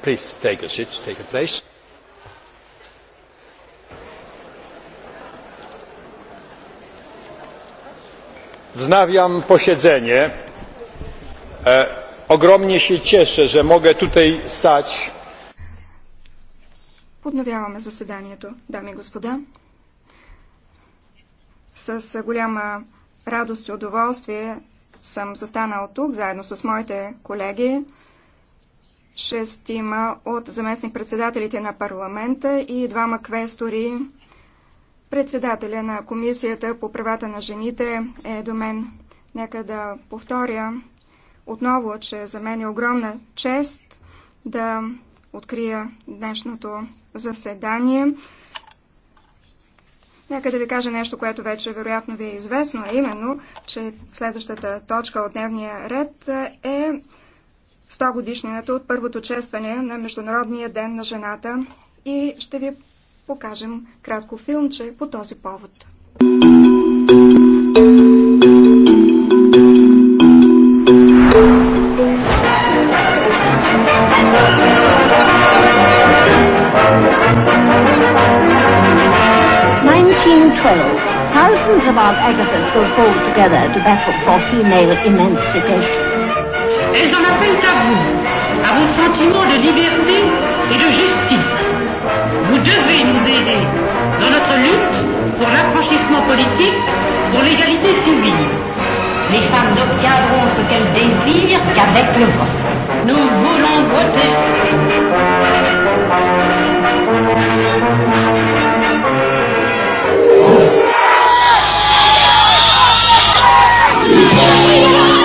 Please take a seat, take a place. Wznawiam posiedzenie. E, ogromnie się cieszę, że mogę tutaj stać. Подновяваме заседанието, дами и господа. С голяма радост и удоволствие съм застанал тук, заедно с моите колеги, шестима от заместник-председателите на парламента и двама квестори. Председателя на Комисията по правата на жените е до мен. Нека да повторя отново, че за мен е огромна чест да открия днешното заседание. Нека да ви кажа нещо, което вече вероятно ви е известно, а именно, че следващата точка от дневния ред е 100 годишнината от първото честване на Международния ден на жената и ще ви покажем кратко филмче по този повод. Thousands of our Agathas will hold together to battle for female emancipation. Elles en appellent à vous, à vos sentiments de liberté et de justice. Vous devez nous aider dans notre lutte pour l'affranchissement politique, pour l'égalité civile. Les femmes n'obtiendront ce qu'elles désirent qu'avec le vote. Nous voulons voter. Yeah!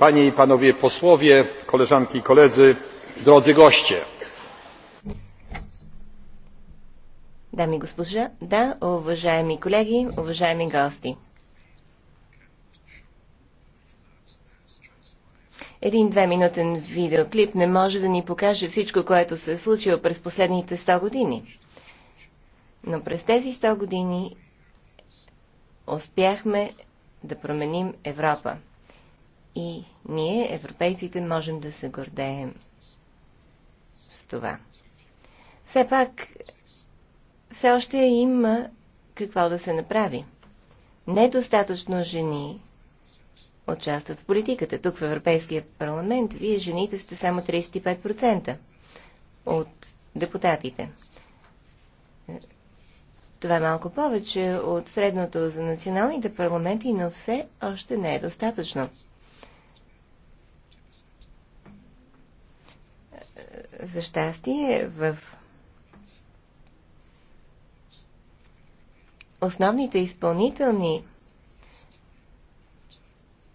panie i panowie posłowie koleżanki i koledzy drodzy goście Един-две минутен видеоклип не може да ни покаже всичко, което се е случило през последните 100 години. Но през тези 100 години успяхме да променим Европа. И ние, европейците, можем да се гордеем с това. Все пак, все още има какво да се направи. Недостатъчно жени участват в политиката. Тук в Европейския парламент вие жените сте само 35% от депутатите. Това е малко повече от средното за националните парламенти, но все още не е достатъчно. За щастие, в основните изпълнителни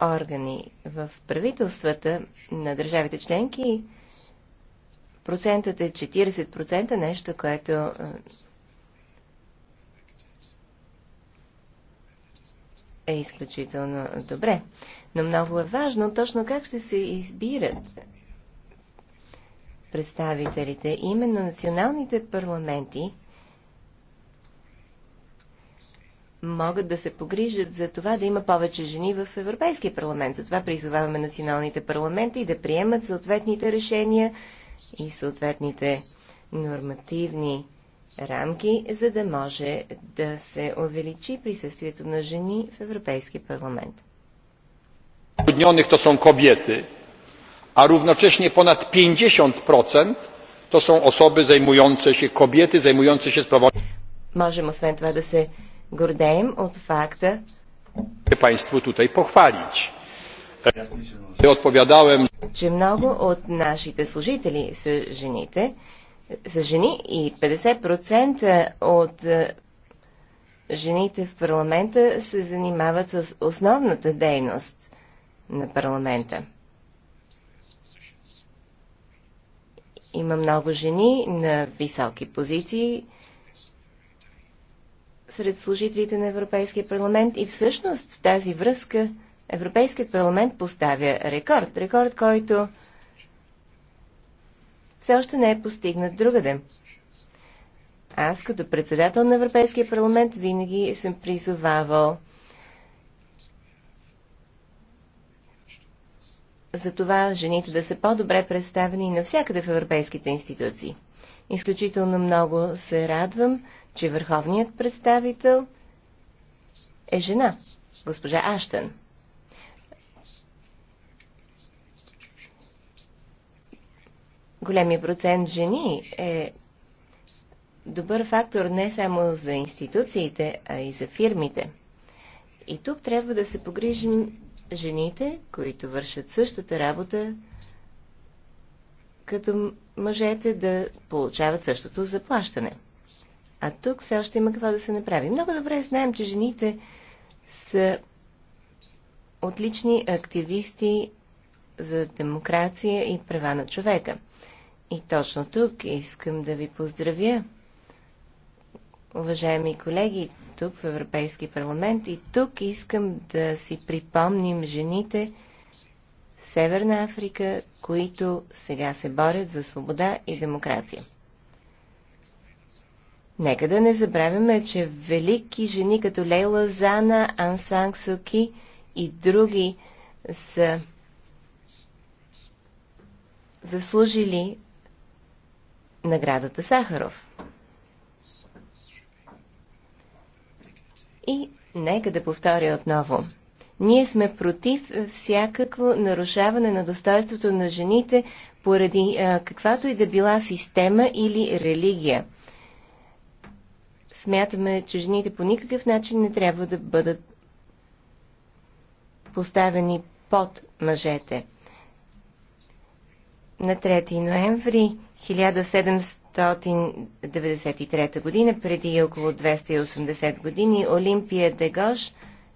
органи в правителствата на държавите членки процентът е 40%, нещо, което е, е изключително добре. Но много е важно точно как ще се избират представителите. Именно националните парламенти могат да се погрижат за това да има повече жени в Европейския парламент. Затова призоваваме националните парламенти да приемат съответните решения и съответните нормативни рамки, за да може да се увеличи присъствието на жени в Европейския парламент. Труднених то са кобиети a równocześnie ponad pięćdziesiąt to są osoby zajmujące się kobiety zajmujące się sprawami Можем освен това да се гордеем от факта. Państwu tutaj pochwalić. Odpowiadałem, че много от нашите служители са жените, са жени и 50% от е, жените в парламента се занимават с основната дейност на парламента. Има много жени на високи позиции сред служителите на Европейския парламент и всъщност в тази връзка Европейският парламент поставя рекорд. Рекорд, който все още не е постигнат другаде. Аз като председател на Европейския парламент винаги съм призовавал за това жените да са по-добре представени навсякъде в европейските институции. Изключително много се радвам, че върховният представител е жена, госпожа Аштън. Големия процент жени е добър фактор не само за институциите, а и за фирмите. И тук трябва да се погрижим жените, които вършат същата работа, като мъжете да получават същото заплащане. А тук все още има какво да се направи. Много добре знаем, че жените са отлични активисти за демокрация и права на човека. И точно тук искам да ви поздравя, уважаеми колеги, тук в Европейски парламент и тук искам да си припомним жените в Северна Африка, които сега се борят за свобода и демокрация. Нека да не забравяме, че велики жени като Лейла Зана, Ансан Суки и други са заслужили наградата Сахаров. И нека да повторя отново. Ние сме против всякакво нарушаване на достоинството на жените поради а, каквато и да била система или религия. Смятаме, че жените по никакъв начин не трябва да бъдат поставени под мъжете. На 3 ноември 1700 1993 година, преди около 280 години, Олимпия Дегош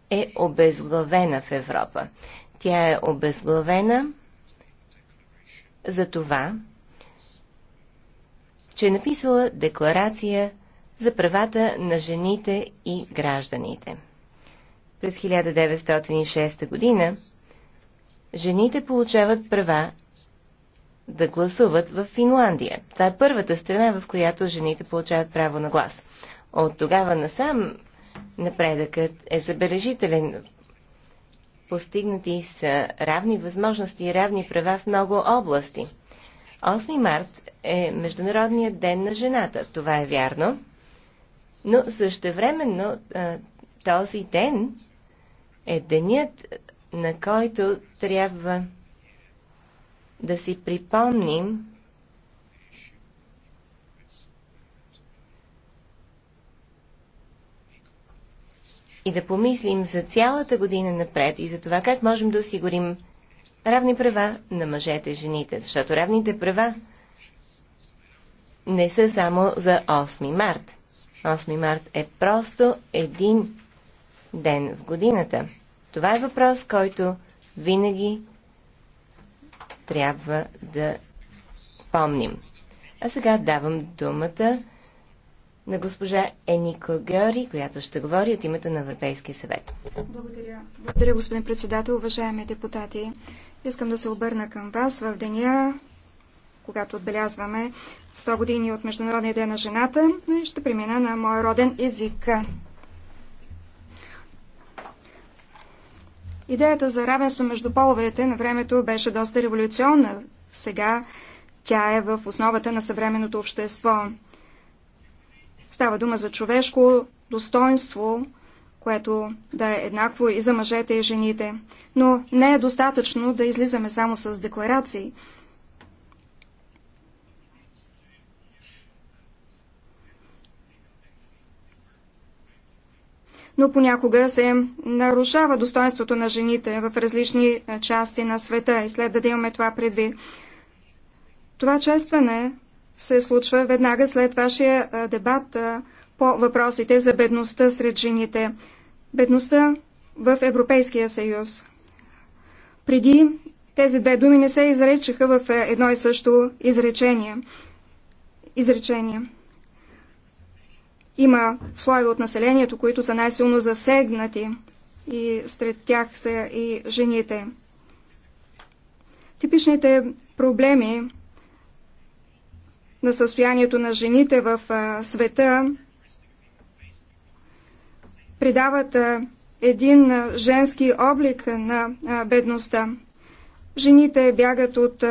е обезглавена в Европа. Тя е обезглавена за това, че е написала декларация за правата на жените и гражданите. През 1906 година жените получават права да гласуват в Финландия. Това е първата страна, в която жените получават право на глас. От тогава насам напредъкът е забележителен. Постигнати са равни възможности и равни права в много области. 8 март е Международният ден на жената. Това е вярно. Но същевременно този ден е денят, на който трябва да си припомним, и да помислим за цялата година напред и за това как можем да осигурим равни права на мъжете и жените, защото равните права не са само за 8 март. 8 март е просто един ден в годината. Това е въпрос, който винаги трябва да помним. А сега давам думата на госпожа Енико Геори, която ще говори от името на Европейския съвет. Благодаря. Благодаря, господин председател, уважаеми депутати. Искам да се обърна към вас в деня, когато отбелязваме 100 години от Международния ден на жената, но и ще премина на моя роден език. Идеята за равенство между половете на времето беше доста революционна. Сега тя е в основата на съвременното общество. Става дума за човешко достоинство, което да е еднакво и за мъжете и жените. Но не е достатъчно да излизаме само с декларации – но понякога се нарушава достоинството на жените в различни е, части на света и следва да имаме това предвид. Това честване се случва веднага след вашия е, дебат е, по въпросите за бедността сред жените. Бедността в Европейския съюз. Преди тези две думи не се изречеха в едно и също изречение. Изречение. Има слоеве от населението, които са най-силно засегнати и сред тях са и жените. Типичните проблеми на състоянието на жените в света придават един женски облик на бедността. Жените бягат от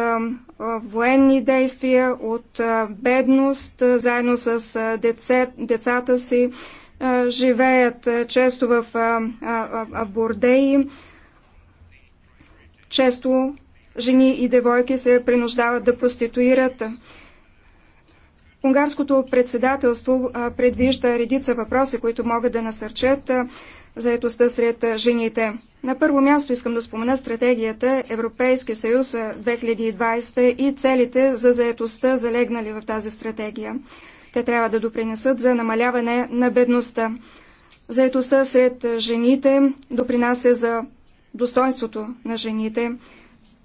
военни действия, от бедност, заедно с децата си, живеят често в бордеи, често жени и девойки се принуждават да проституират. Унгарското председателство предвижда редица въпроси, които могат да насърчат заетостта сред жените. На първо място искам да спомена стратегията Европейски съюз 2020 и целите за заетостта, залегнали в тази стратегия. Те трябва да допринесат за намаляване на бедността. Заетостта сред жените допринася за достоинството на жените,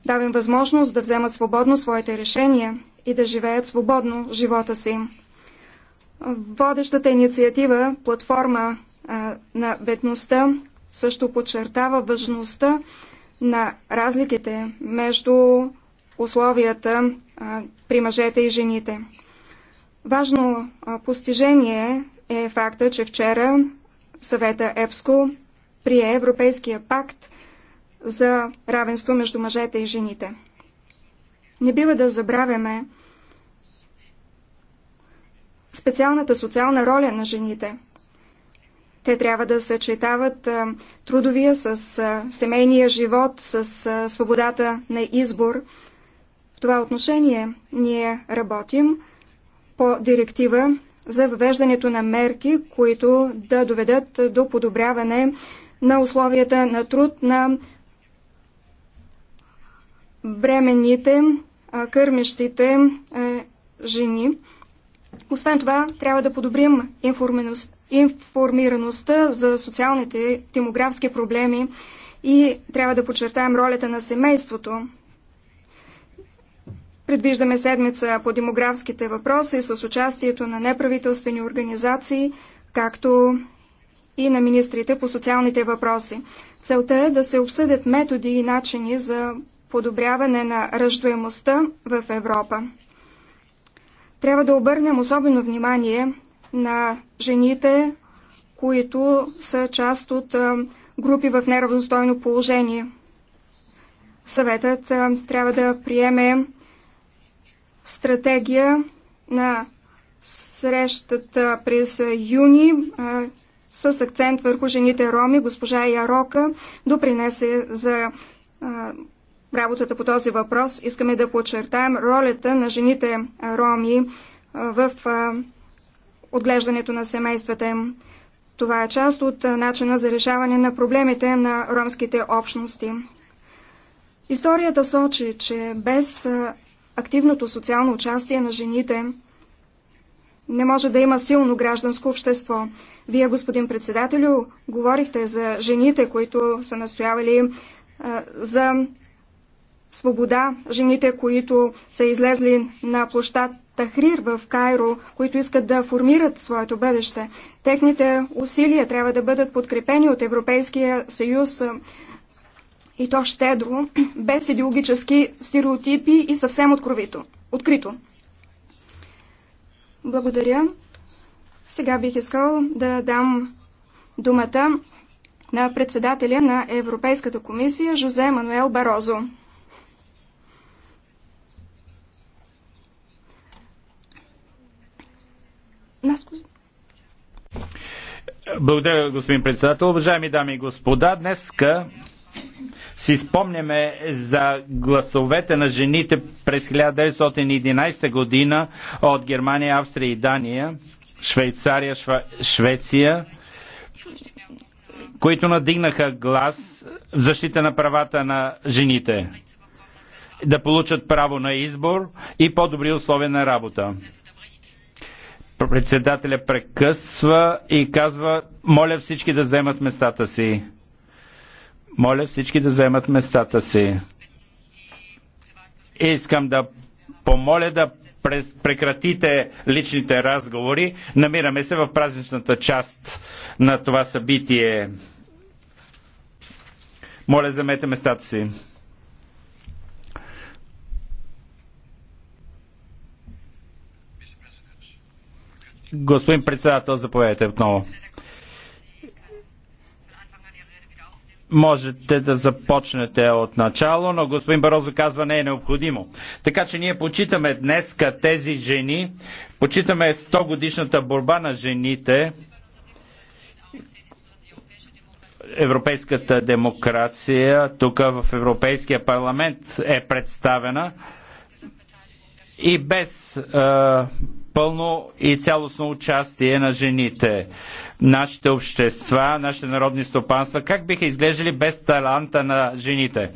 Давам възможност да вземат свободно своите решения и да живеят свободно живота си. Водещата инициатива, платформа на бедността също подчертава важността на разликите между условията при мъжете и жените. Важно постижение е факта, че вчера съвета ЕПСКО прие Европейския пакт за равенство между мъжете и жените. Не бива да забравяме специалната социална роля на жените – те трябва да съчетават трудовия с семейния живот, с свободата на избор. В това отношение ние работим по директива за въвеждането на мерки, които да доведат до подобряване на условията на труд на бременните, кърмещите жени. Освен това, трябва да подобрим информираността информираността за социалните демографски проблеми и трябва да подчертаем ролята на семейството. Предвиждаме седмица по демографските въпроси с участието на неправителствени организации, както и на министрите по социалните въпроси. Целта е да се обсъдят методи и начини за подобряване на ръждуемостта в Европа. Трябва да обърнем особено внимание на жените, които са част от групи в неравностойно положение. Съветът трябва да приеме стратегия на срещата през юни с акцент върху жените роми. Госпожа Ярока допринесе за работата по този въпрос. Искаме да подчертаем ролята на жените роми в отглеждането на семействата им. Това е част от начина за решаване на проблемите на ромските общности. Историята сочи, че без активното социално участие на жените не може да има силно гражданско общество. Вие, господин председателю, говорихте за жените, които са настоявали за свобода, жените, които са излезли на площад Тахрир в Кайро, които искат да формират своето бъдеще. Техните усилия трябва да бъдат подкрепени от Европейския съюз и то щедро, без идеологически стереотипи и съвсем откровито. открито. Благодаря. Сега бих искал да дам думата на председателя на Европейската комисия Жозе Мануел Барозо. Благодаря, господин председател. Уважаеми дами и господа, днеска си спомняме за гласовете на жените през 1911 година от Германия, Австрия и Дания, Швейцария, Шва... Швеция, които надигнаха глас в защита на правата на жените да получат право на избор и по-добри условия на работа. Председателя прекъсва и казва, моля всички да вземат местата си. Моля всички да вземат местата си. Искам да помоля да прекратите личните разговори. Намираме се в празничната част на това събитие. Моля, замете местата си. Господин председател, заповядайте отново. Можете да започнете от начало, но господин Барозо казва не е необходимо. Така че ние почитаме днес тези жени, почитаме 100 годишната борба на жените, европейската демокрация тук в Европейския парламент е представена и без пълно и цялостно участие на жените. Нашите общества, нашите народни стопанства, как биха изглеждали без таланта на жените?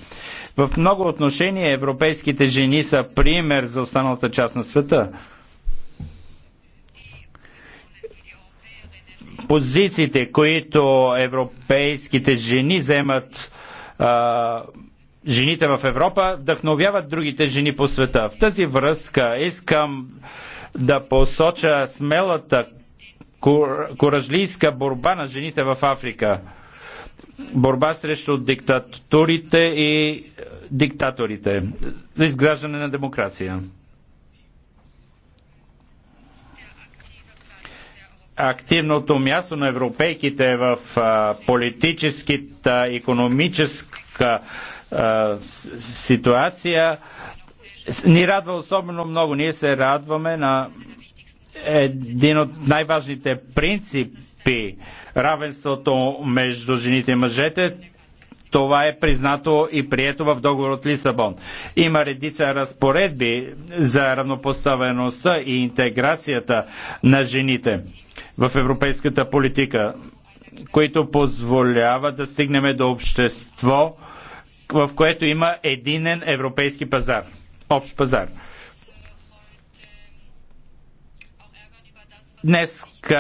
В много отношения европейските жени са пример за останалата част на света. Позициите, които европейските жени вземат а, жените в Европа вдъхновяват другите жени по света. В тази връзка искам да посоча смелата куражлийска борба на жените в Африка. Борба срещу диктатурите и е, диктаторите за изграждане на демокрация. Активното място на европейките е в е, политическата, економическа ситуация ни радва особено много. Ние се радваме на един от най-важните принципи равенството между жените и мъжете. Това е признато и прието в договор от Лисабон. Има редица разпоредби за равнопоставеността и интеграцията на жените в европейската политика, които позволяват да стигнем до общество, в което има единен европейски пазар общ пазар. Днес е,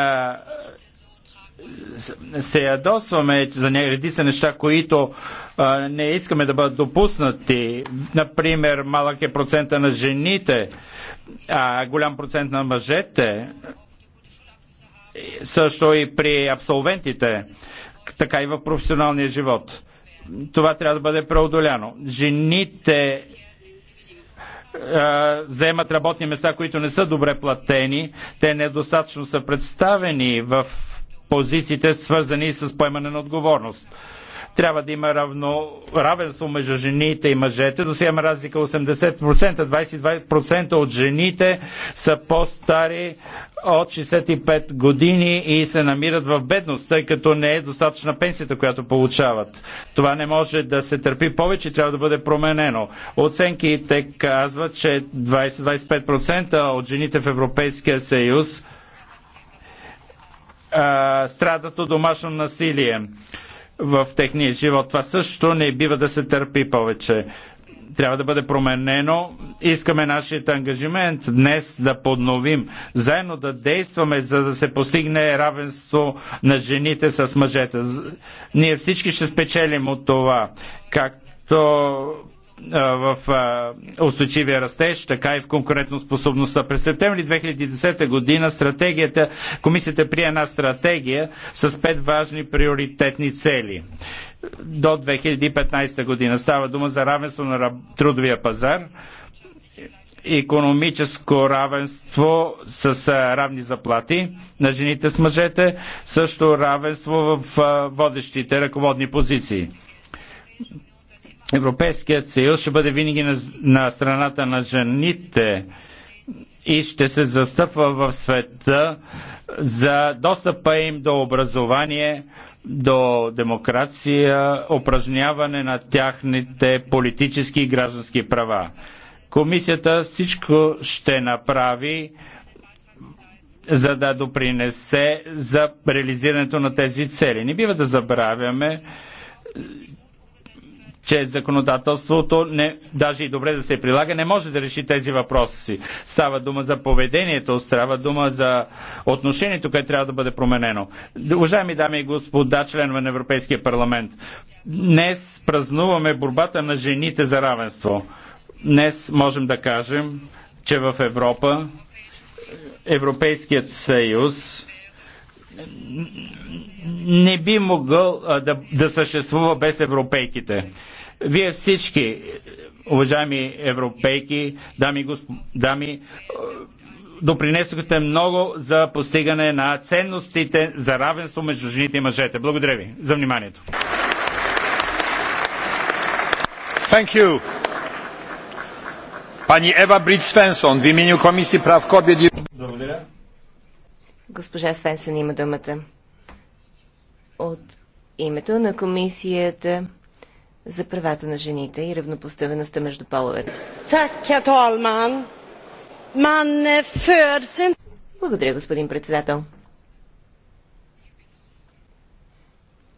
се ядосваме за редица неща, които е, не искаме да бъдат допуснати. Например, малък е процента на жените, а голям процент на мъжете, също и при абсолвентите, така и в професионалния живот. Това трябва да бъде преодоляно. Жените е, заемат работни места, които не са добре платени, те недостатъчно са представени в позициите, свързани с поемане на отговорност. Трябва да има равно, равенство между жените и мъжете. До сега има разлика 80%, 22% от жените са по-стари от 65 години и се намират в бедност, тъй като не е достатъчна пенсията, която получават. Това не може да се търпи повече, трябва да бъде променено. Оценките казват, че 20-25% от жените в Европейския съюз а, страдат от домашно насилие в техния живот. Това също не бива да се търпи повече. Трябва да бъде променено. Искаме нашият ангажимент днес да подновим, заедно да действаме, за да се постигне равенство на жените с мъжете. Ние всички ще спечелим от това, както в устойчивия растеж, така и в конкурентоспособността. През септември 2010 година стратегията, комисията прие една стратегия с пет важни приоритетни цели до 2015 година. Става дума за равенство на трудовия пазар, економическо равенство с равни заплати на жените с мъжете, също равенство в водещите ръководни позиции Европейският съюз ще бъде винаги на, на страната на жените и ще се застъпва в света за достъпа им до образование, до демокрация, упражняване на тяхните политически и граждански права. Комисията всичко ще направи, за да допринесе за реализирането на тези цели. Не бива да забравяме, че законодателството, не, даже и добре да се прилага, не може да реши тези въпроси. Става дума за поведението, става дума за отношението, което трябва да бъде променено. Уважаеми дами и господа, членове на Европейския парламент, днес празнуваме борбата на жените за равенство. Днес можем да кажем, че в Европа Европейският съюз не би могъл да, да съществува без европейките. Вие всички, уважаеми европейки, дами, госп... дами допринесохте много за постигане на ценностите за равенство между жените и мъжете. Благодаря ви за вниманието. Thank you. Пани Ева Brit Свенсон, w imieniu комисии прав кобед. i... Е Благодаря. Госпожа Свенсон има думата. От името на комисията за правата на жените и равнопоставеността между половете. Eh, Благодаря, господин председател.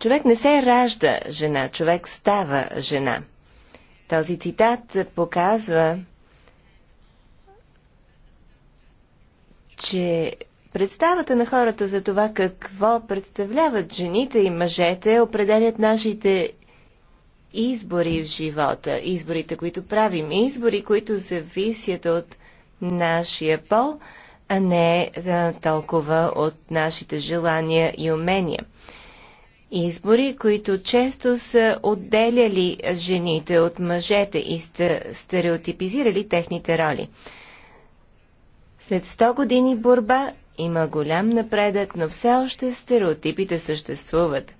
Човек не се ражда жена, човек става жена. Този цитат показва, че представата на хората за това какво представляват жените и мъжете определят нашите избори в живота, изборите, които правим, избори, които зависят от нашия пол, а не толкова от нашите желания и умения. Избори, които често са отделяли жените от мъжете и стереотипизирали техните роли. След 100 години борба има голям напредък, но все още стереотипите съществуват.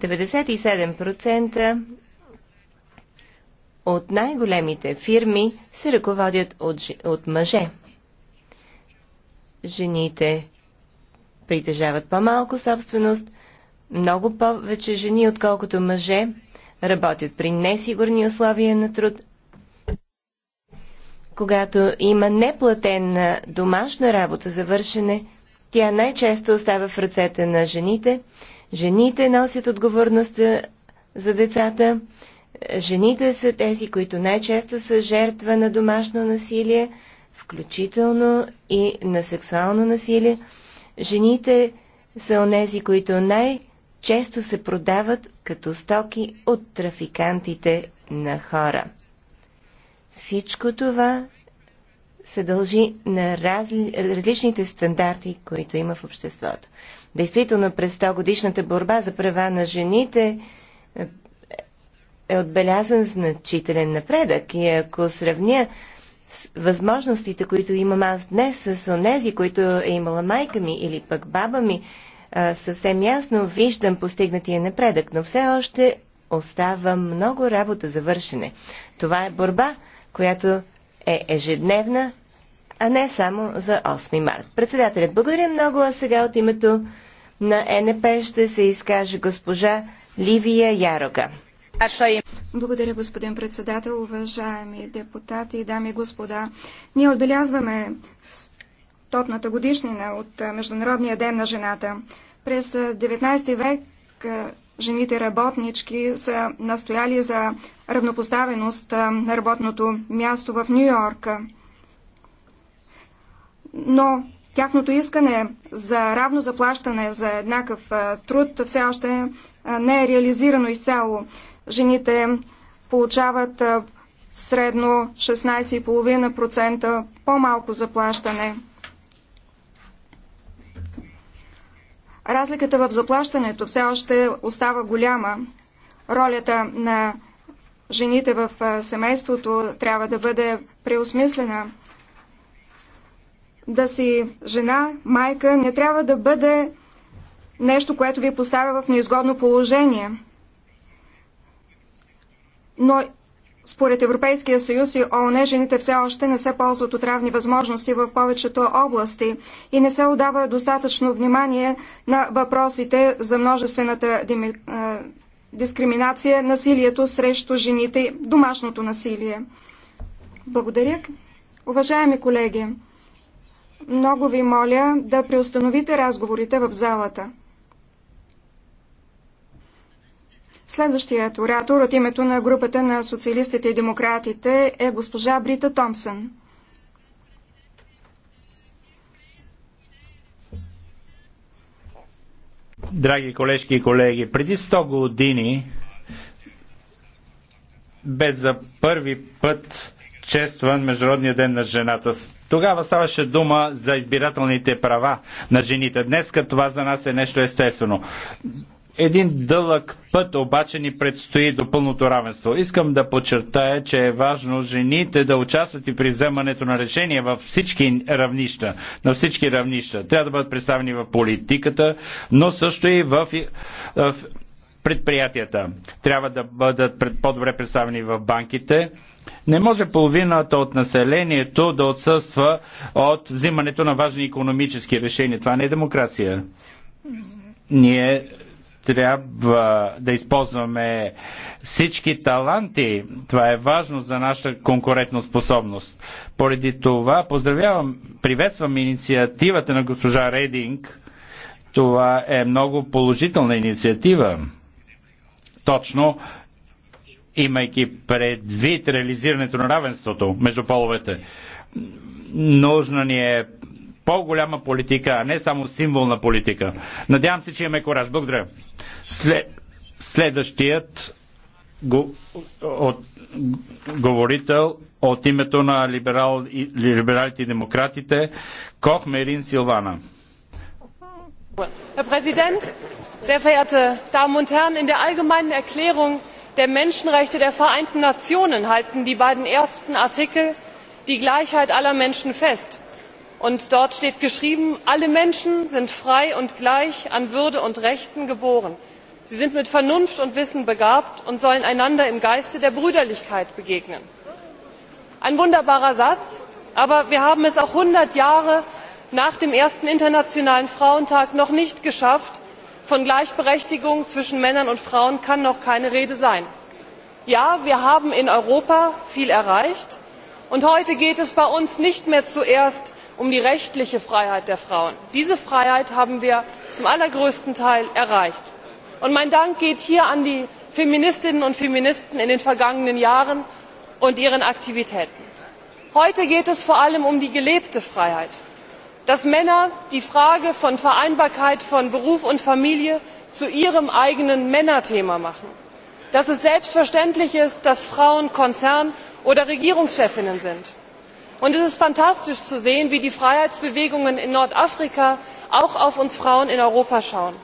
97% от най-големите фирми се ръководят от, от мъже. Жените притежават по-малко собственост, много повече жени, отколкото мъже, работят при несигурни условия на труд. Когато има неплатена домашна работа за вършене, тя най-често остава в ръцете на жените. Жените носят отговорността за децата, Жените са тези, които най-често са жертва на домашно насилие, включително и на сексуално насилие. Жените са онези, които най-често се продават като стоки от трафикантите на хора. Всичко това се дължи на разли... различните стандарти, които има в обществото. Действително, през 100 годишната борба за права на жените е отбелязан значителен напредък и ако сравня с възможностите, които имам аз днес с онези, които е имала майка ми или пък баба ми, съвсем ясно виждам постигнатия напредък, но все още остава много работа за вършене. Това е борба, която е ежедневна, а не само за 8 март. Председателят, благодаря много, а сега от името на НП ще се изкаже госпожа Ливия Ярога. Благодаря, господин председател, уважаеми депутати, дами и господа. Ние отбелязваме тотната годишнина от Международния ден на жената. През 19 век жените работнички са настояли за равнопоставеност на работното място в Нью Йорк. Но тяхното искане за равно заплащане за еднакъв труд все още не е реализирано изцяло. Жените получават средно 16,5% по-малко заплащане. Разликата в заплащането все още остава голяма. Ролята на жените в семейството трябва да бъде преосмислена. Да си жена, майка не трябва да бъде нещо, което ви поставя в неизгодно положение но според Европейския съюз и ООН жените все още не се ползват от равни възможности в повечето области и не се отдава достатъчно внимание на въпросите за множествената дискриминация, насилието срещу жените, домашното насилие. Благодаря. Уважаеми колеги, много ви моля да преустановите разговорите в залата. Следващият оратор от името на групата на социалистите и демократите е госпожа Брита Томсън. Драги колежки и колеги, преди 100 години бе за първи път честван Международния ден на жената. Тогава ставаше дума за избирателните права на жените. Днес това за нас е нещо естествено. Един дълъг път обаче ни предстои до пълното равенство. Искам да подчертая, че е важно жените да участват и при вземането на решения във всички равнища, на всички равнища. Трябва да бъдат представени в политиката, но също и в, в предприятията. Трябва да бъдат по-добре представени в банките. Не може половината от населението да отсъства от взимането на важни економически решения. Това не е демокрация. Ние трябва да използваме всички таланти. Това е важно за нашата конкурентна способност. Поради това поздравявам, приветствам инициативата на госпожа Рейдинг. Това е много положителна инициатива. Точно имайки предвид реализирането на равенството между половете. Нужна ни е по-голяма политика, а не само символна политика. Надявам се, че имаме кораж. Благодаря. След, следващият го, от, говорител от името на либерал, либералите и демократите Кох Мерин Силвана. Herr Präsident, sehr verehrte Damen und Herren! In der allgemeinen Erklärung der Menschenrechte der Vereinten Nationen halten die beiden ersten Artikel die Gleichheit aller Menschen fest und dort steht geschrieben alle menschen sind frei und gleich an würde und rechten geboren. sie sind mit vernunft und wissen begabt und sollen einander im geiste der brüderlichkeit begegnen. ein wunderbarer satz aber wir haben es auch hundert jahre nach dem ersten internationalen frauentag noch nicht geschafft. von gleichberechtigung zwischen männern und frauen kann noch keine rede sein. ja wir haben in europa viel erreicht und heute geht es bei uns nicht mehr zuerst um die rechtliche freiheit der frauen. diese freiheit haben wir zum allergrößten teil erreicht. mein dank geht hier an die feministinnen und feministen in den vergangenen jahren und ihren aktivitäten. heute geht es vor allem um die gelebte freiheit dass männer die frage der vereinbarkeit von beruf und familie zu ihrem eigenen männerthema machen dass es selbstverständlich ist dass frauen konzern oder regierungschefinnen und es ist fantastisch zu sehen wie die freiheitsbewegungen in nordafrika auch auf uns frauen in europa schauen.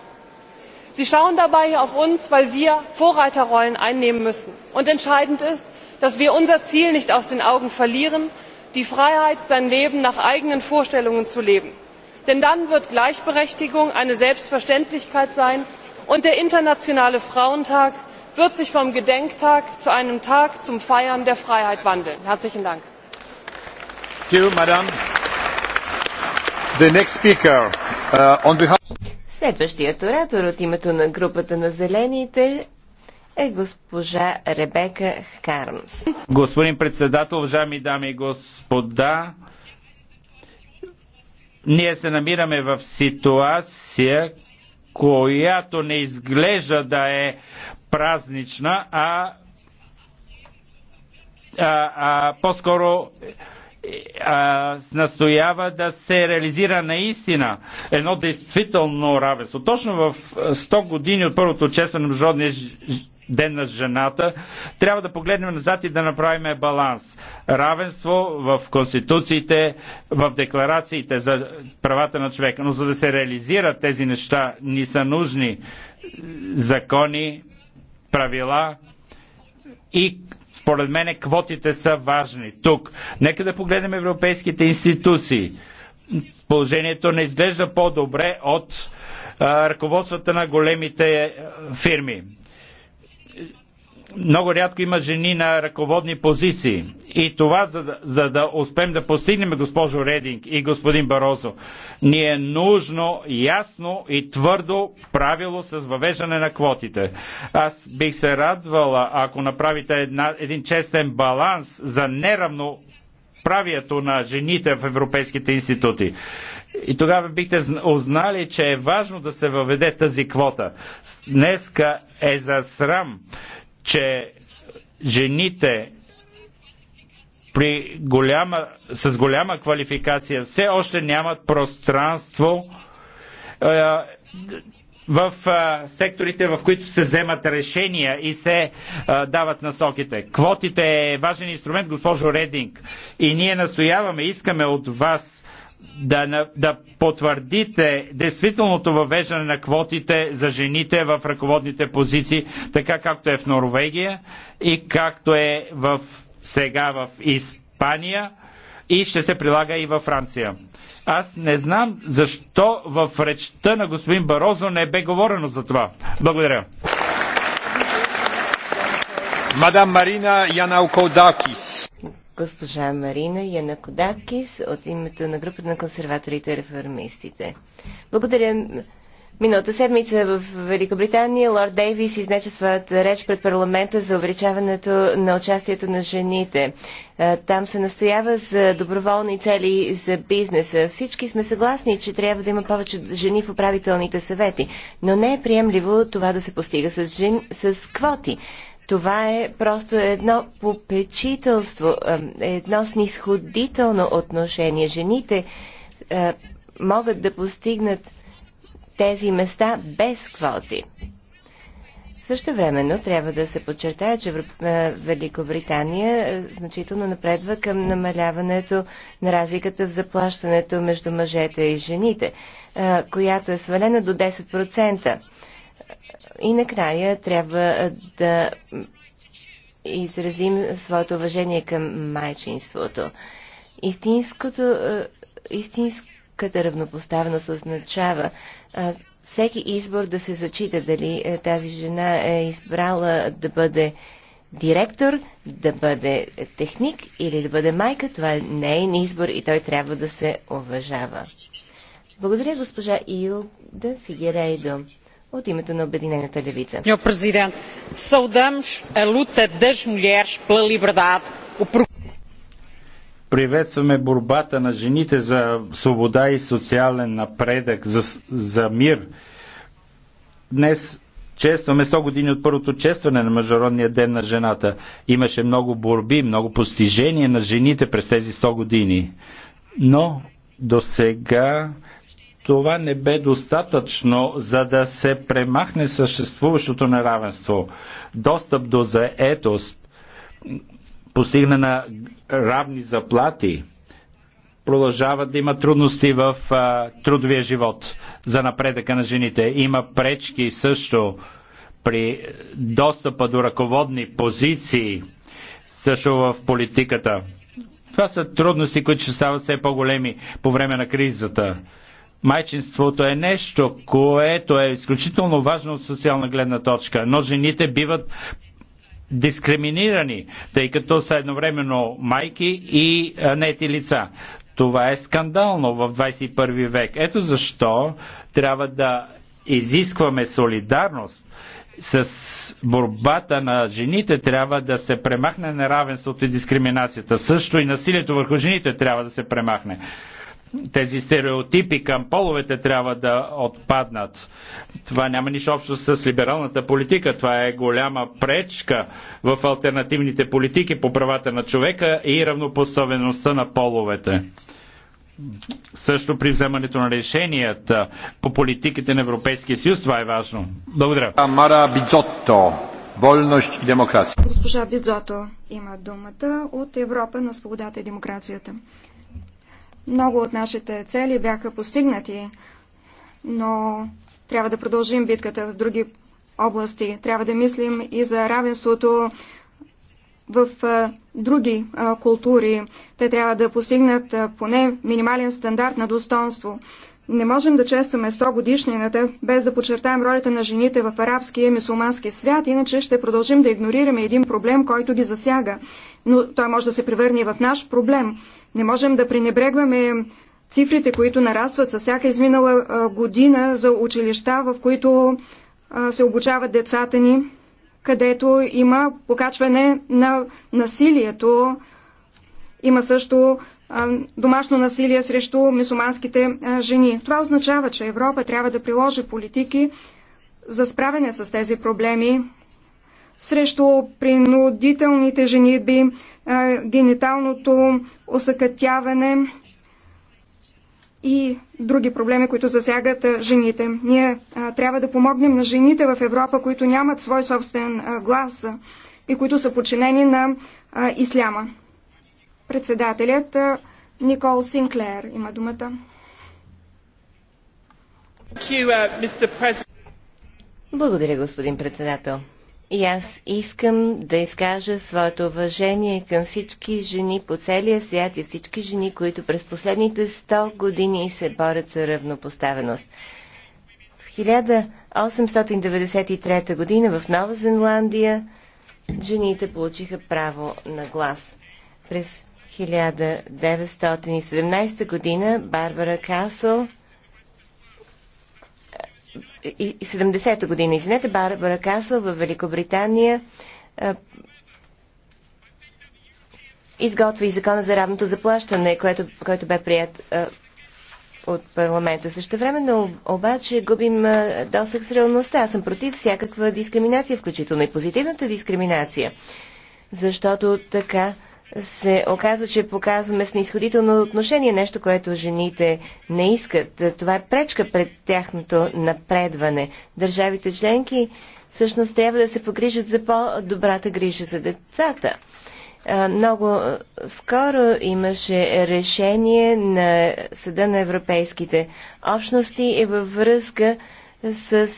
sie schauen dabei auf uns weil wir vorreiterrollen einnehmen müssen. Und entscheidend ist dass wir unser ziel nicht aus den augen verlieren die freiheit sein leben nach eigenen vorstellungen zu leben. denn dann wird gleichberechtigung eine selbstverständlichkeit sein und der internationale frauentag wird sich vom gedenktag zu einem tag zum feiern der freiheit wandeln. Uh, Следващият оратор от името на групата на зелените е госпожа Ребека Хармс. Господин председател, уважаеми дами и господа, ние се намираме в ситуация, която не изглежда да е празнична, а, а, а по-скоро а, настоява да се реализира наистина едно действително равенство. Точно в 100 години от първото честване на Международния ден на жената, трябва да погледнем назад и да направим баланс. Равенство в конституциите, в декларациите за правата на човека. Но за да се реализират тези неща, ни са нужни закони, правила и според мен квотите са важни тук. Нека да погледнем европейските институции. Положението не изглежда по-добре от а, ръководствата на големите фирми много рядко има жени на ръководни позиции. И това, за да, за да успеем да постигнем, госпожо Рединг и господин Барозо, ни е нужно ясно и твърдо правило с въвеждане на квотите. Аз бих се радвала, ако направите една, един честен баланс за неравно правието на жените в европейските институти. И тогава бихте узнали, че е важно да се въведе тази квота. Днеска е за срам че жените при голяма, с голяма квалификация все още нямат пространство е, в е, секторите, в които се вземат решения и се е, дават насоките. Квотите е важен инструмент, госпожо Рединг. И ние настояваме, искаме от вас да, да потвърдите действителното въвеждане на квотите за жените в ръководните позиции, така както е в Норвегия и както е в, сега в Испания и ще се прилага и във Франция. Аз не знам защо в речта на господин Барозо не бе говорено за това. Благодаря. Мадам Марина Янаукодакис госпожа Марина Янакодакис от името на групата на консерваторите и реформистите. Благодаря. Миналата седмица в Великобритания лорд Дейвис изнече своята реч пред парламента за увеличаването на участието на жените. Там се настоява за доброволни цели за бизнеса. Всички сме съгласни, че трябва да има повече жени в управителните съвети, но не е приемливо това да се постига с, жен... с квоти. Това е просто едно попечителство, едно снисходително отношение. Жените могат да постигнат тези места без квоти. Също времено трябва да се подчертая, че Великобритания значително напредва към намаляването на разликата в заплащането между мъжете и жените, която е свалена до 10%. И накрая трябва да изразим своето уважение към майчинството. Истинското, истинската равнопоставеност означава всеки избор да се зачита дали е, тази жена е избрала да бъде директор, да бъде техник или да бъде майка. Това е нейн избор и той трябва да се уважава. Благодаря госпожа Илда Фигерейдо от името на Обединената левица. Приветстваме борбата на жените за свобода и социален напредък, за, за мир. Днес честваме 100 години от първото честване на Международния ден на жената. Имаше много борби, много постижения на жените през тези 100 години. Но до сега това не бе достатъчно, за да се премахне съществуващото неравенство. Достъп до заетост, постигна на равни заплати, продължават да има трудности в а, трудовия живот за напредъка на жените. Има пречки също при достъпа до ръководни позиции, също в политиката. Това са трудности, които ще стават все по-големи по време на кризата майчинството е нещо, което е изключително важно от социална гледна точка, но жените биват дискриминирани, тъй като са едновременно майки и нети лица. Това е скандално в 21 век. Ето защо трябва да изискваме солидарност с борбата на жените трябва да се премахне неравенството и дискриминацията. Също и насилието върху жените трябва да се премахне тези стереотипи към половете трябва да отпаднат. Това няма нищо общо с либералната политика. Това е голяма пречка в альтернативните политики по правата на човека и равнопоставеността на половете. Също при вземането на решенията по политиките на Европейския съюз, това е важно. Благодаря. Мара Бицотто, Вольност и демокрация. Госпожа Бицото има думата от Европа на свободата и демокрацията. Много от нашите цели бяха постигнати, но трябва да продължим битката в други области. Трябва да мислим и за равенството в други култури. Те трябва да постигнат поне минимален стандарт на достоинство. Не можем да честваме 100 годишнината, без да подчертаем ролята на жените в арабския и мусулмански свят, иначе ще продължим да игнорираме един проблем, който ги засяга. Но той може да се превърне в наш проблем. Не можем да пренебрегваме цифрите, които нарастват със всяка изминала година за училища, в които се обучават децата ни, където има покачване на насилието. Има също домашно насилие срещу мисуманските жени. Това означава, че Европа трябва да приложи политики за справяне с тези проблеми срещу принудителните женитби, гениталното осъкътяване и други проблеми, които засягат жените. Ние трябва да помогнем на жените в Европа, които нямат свой собствен глас и които са подчинени на исляма. Председателят Никол Синклер има думата. Uh, Благодаря, господин председател. И аз искам да изкажа своето уважение към всички жени по целия свят и всички жени, които през последните 100 години се борят за равнопоставеност. В 1893 година в Нова Зеландия жените получиха право на глас. През 1917 година Барбара Касъл 70-та е, година, извинете, Барбара Касъл в Великобритания е, изготви закона за равното заплащане, което, който бе прият а, е, от парламента. Също но обаче губим а, досък с реалността. Аз съм против всякаква дискриминация, включително и позитивната дискриминация, защото така се оказва, че показваме снисходително отношение, нещо, което жените не искат. Това е пречка пред тяхното напредване. Държавите членки всъщност трябва да се погрижат за по-добрата грижа за децата. Много скоро имаше решение на Съда на европейските общности и във връзка с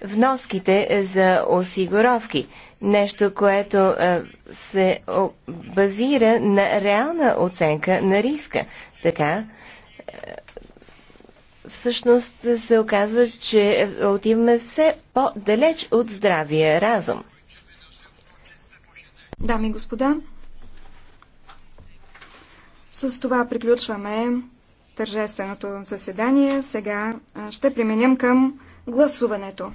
вноските за осигуровки. Нещо, което е, се базира на реална оценка на риска. Така, е, всъщност се оказва, че отиваме все по-далеч от здравия разум. Дами и господа, с това приключваме тържественото заседание. Сега ще преминем към гласуването.